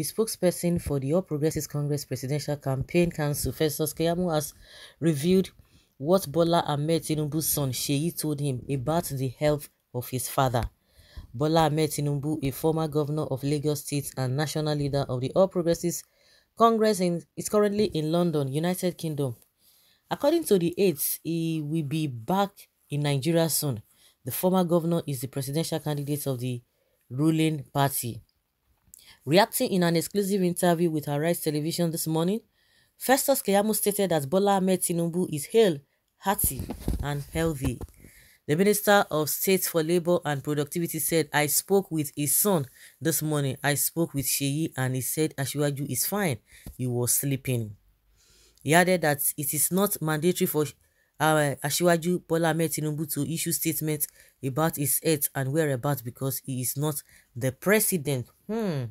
The spokesperson for the All Progressives Congress Presidential Campaign Council, Festus Kayamu, has revealed what Bola Ahmed Tinubu's son Sheyi told him about the health of his father. Bola Ahmed Tinubu, a former governor of Lagos State and national leader of the All Progressives Congress, in, is currently in London, United Kingdom. According to the aides, he will be back in Nigeria soon. The former governor is the presidential candidate of the ruling party. Reacting in an exclusive interview with Arise Television this morning, Festus Keyamo stated that Bola Ahmed Tinubu is hale, hearty, and healthy. The Minister of State for Labour and Productivity said, I spoke with his son this morning. I spoke with Sheyi and he said Ashiwaju is fine. He was sleeping. He added that it is not mandatory for uh, Ashiwaju Bola Tinubu to issue statements about his health and whereabouts because he is not the president. Hmm.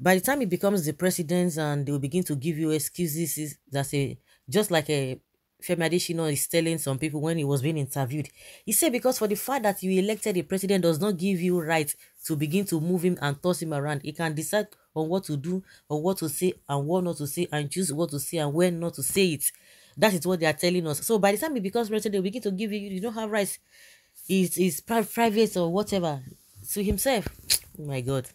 by the time he becomes the president and they will begin to give you excuses that's a just like a eh, Femi Adesina is telling some people when he was being interviewed. He said because for the fact that you elected a president does not give you right to begin to move him and toss him around. He can decide on what to do or what to say and what not to say and choose what to say and when not to say it. That is what they are telling us. So by the time he becomes president, they begin to give you, you don't have rights. It's, it's private or whatever to himself. Oh my God.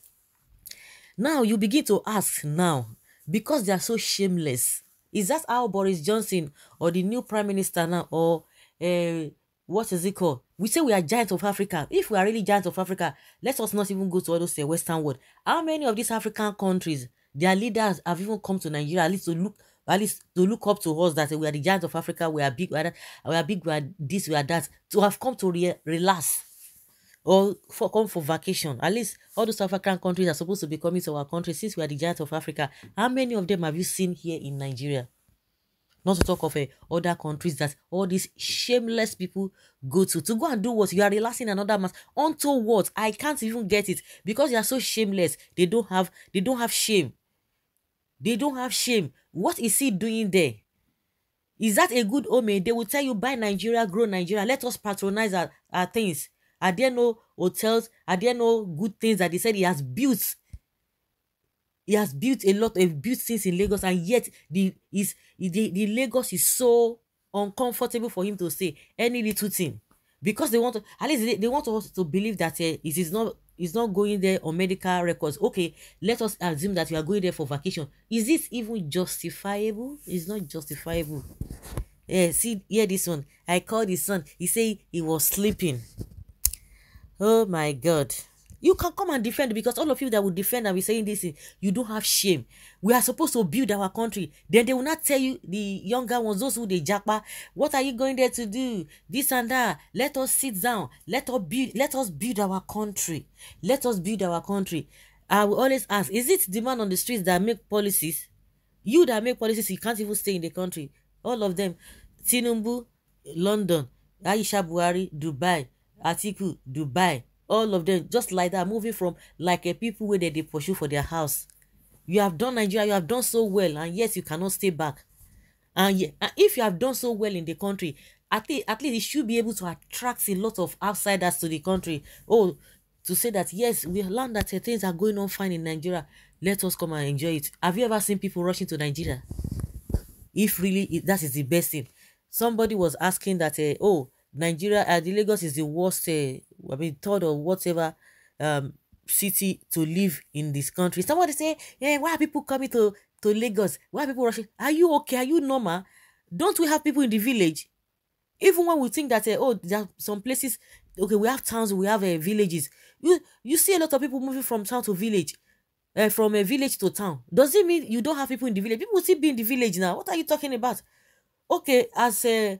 Now you begin to ask now, because they are so shameless. Is that how Boris Johnson or the new prime minister now or uh, what is it called? We say we are giants of Africa. If we are really giants of Africa, let us not even go to all those uh, Western world. How many of these African countries, their leaders have even come to Nigeria at least to look at least to look up to us that uh, we are the giants of Africa, we are big, we are, that, we are big, we are this, we are that, to have come to re- relax or for, come for vacation. At least all those South African countries are supposed to be coming to our country since we are the giant of Africa. How many of them have you seen here in Nigeria? Not to talk of uh, other countries that all these shameless people go to. To go and do what? You are relaxing another man. Onto what? I can't even get it. Because they are so shameless. They don't have they don't have shame. They don't have shame. What is he doing there? Is that a good omen? They will tell you, buy Nigeria, grow Nigeria. Let us patronize our, our things. Are there no hotels? Are there no good things that he said he has built? He has built a lot of built things in Lagos, and yet the is the, the Lagos is so uncomfortable for him to say any little thing because they want to at least they, they want us to believe that uh, it is not it's not going there on medical records okay let us assume that you are going there for vacation is this even justifiable it's not justifiable yeah see hear this one i called his son he say he was sleeping oh my god you can come and defend because all of you that will defend and be saying this you don't have shame we are supposed to build our country then they will not tell you the younger ones those who dey japa what are you going there to do this and that let us sit down let us build let us build our country let us build our country i will always ask is it the man on the street that make policies you that make policies you can't even stay in the country all of them tinubu london aisha buhari dubai Article dubai all of them just like that moving from like a people wey dem dey pursue for their house you have done nigeria you have done so well and yet you cannot stay back and, yet, and if you have done so well in the country at least at least you should be able to attract a lot of outsiders to the country oh to say that yes we learn that uh, things are going on fine in nigeria let us come and enjoy it have you ever seen people rushing to nigeria if really it, that is the best thing somebody was asking that uh, oh Nigeria, uh, the Lagos is the worst, uh, I mean, third or whatever um, city to live in this country. Somebody say, hey, why are people coming to, to Lagos? Why are people rushing? Are you okay? Are you normal? Don't we have people in the village? Even when we think that, uh, oh, there are some places, okay, we have towns, we have uh, villages. You, you see a lot of people moving from town to village. Uh, from a village to town does it mean you don't have people in the village people still be in the village now what are you talking about okay as a uh,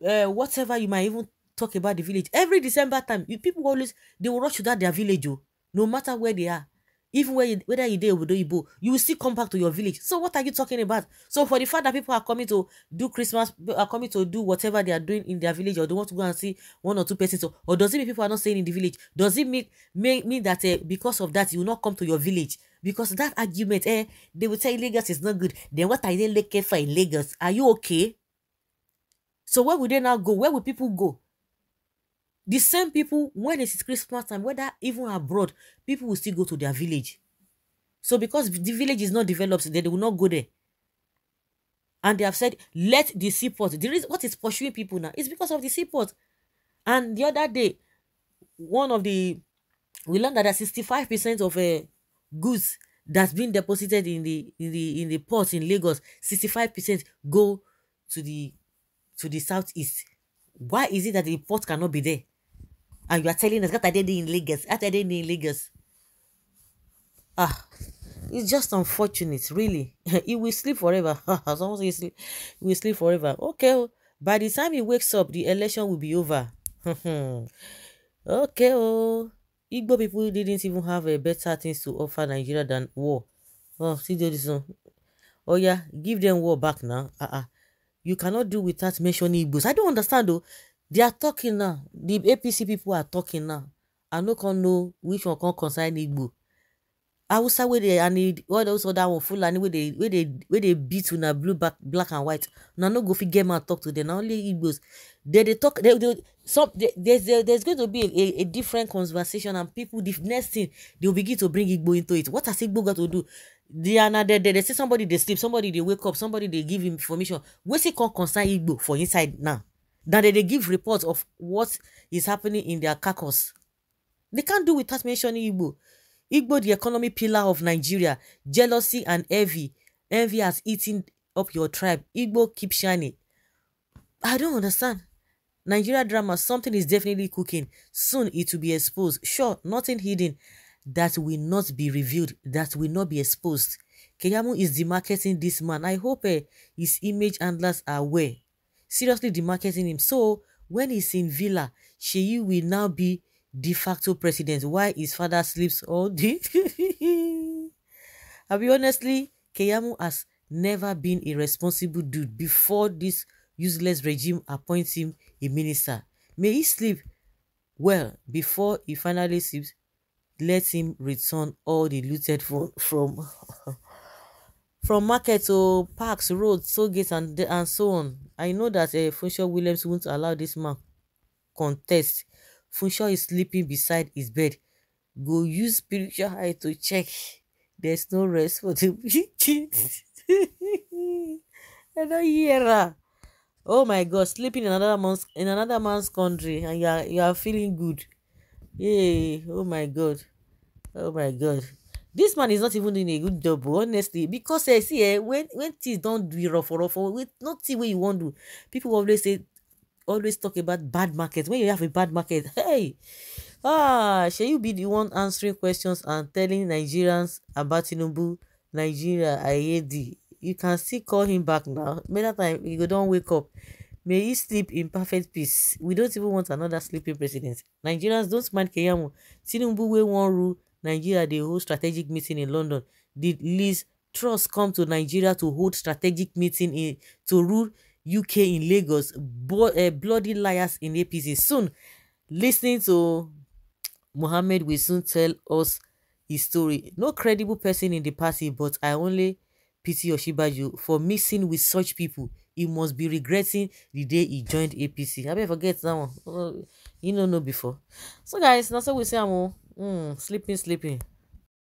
uh, whatever you might even talk about the village every december time you people always they will rush to that their village Oh, no matter where they are even where you, whether you dey obodo ibo you will still come back to your village so what are you talking about so for the fact that people are coming to do christmas are coming to do whatever they are doing in their village or they want to go and see one or two persons or, or does it mean people are not staying in the village does it mean may, mean that uh, because of that you will not come to your village because that argument eh they will tell you lagos is not good then what are they looking for in lagos are you okay So where will they now go? Where will people go? The same people, when it is Christmas time, whether even abroad, people will still go to their village. So because the village is not developed, so they, will not go there. And they have said, let the seaport. The reason, what is pursuing people now is because of the seaport. And the other day, one of the, we learned that 65% of uh, goods that's been deposited in the in the in the port in Lagos, 65% go to the to the southeast why is it that the port cannot be there and you are telling us that dey in Lagos that dey in Lagos ah it's just unfortunate really he will sleep forever As someone he sleep he will sleep forever okay oh. by the time he wakes up the election will be over okay oh Igbo people didn't even have a better things to offer Nigeria than war oh see this one oh, yeah. give them war back now uh-uh you cannot do without mentioning Igbos. I don't understand though. They are talking now. The APC people are talking now. I no can know which one can concern Igbo. Hausa wey dey and all those other one Fulani wey dey wey dey wey dey beat una blue back, black and white. Una no go fit get man talk to them. Na only Igbos. They dey talk. They, they, some they, there's there, there's going to be a, a, a different conversation and people the next thing they will begin to bring Igbo into it. What has Igbo got to do? they are not there they say somebody they sleep somebody they wake up somebody they give information wey still come concern igbo for inside now na they dey give reports of what is happening in their carcass they can't do without mentioning igbo igbo the economy pillar of nigeria jealousy and envy envy has eaten up your tribe igbo keep shining i don't understand nigeria drama something is definitely cooking soon it will be exposed sure nothing hidden that will not be revealed, that will not be exposed. Keyamu is demarketing this man. I hope uh, his image handlers are aware. Seriously demarketing him. So when he's in Villa, Sheyi will now be de facto president. Why his father sleeps all day? I'll be honestly, Keyamu has never been a responsible dude before this useless regime appoints him a minister. May he sleep well before he finally sleeps let him return all the looted from from, from market to oh, parks, roads, so gates, and and so on. I know that uh, eh, Funshaw Williams won't allow this man contest. Funshaw is sleeping beside his bed. Go use spiritual eye to check. There's no rest for the wicked. Oh my God, sleeping in another man's in another man's country, and you are you are feeling good. Yay. Oh my God. Oh my God. This man is not even doing a good job, honestly. Because I eh, see eh, when when things don't do rough rough, with not see what you want to. People always say always talk about bad market. When you have a bad market, hey. Ah, shall you be the one answering questions and telling Nigerians about Tinubu, Nigeria, IAD. You can still call him back now. Many time you go don wake up. May he sleep in perfect peace. We don't even want another sleeping president. Nigerians don't mind Keyamo. Tinubu wey one rule Nigeria the whole strategic meeting in London. Did Liz trust come to Nigeria to hold strategic meeting in to rule UK in Lagos? Bo uh, bloody liars in APC. Soon, listening to Mohammed will soon tell us his story. No credible person in the party, but I only pity Oshibaju for mixing with such people he must be regretting the day he joined apc i bet forget that one uh, you no know before so guys na so we say. am o mm, sleeping sleeping.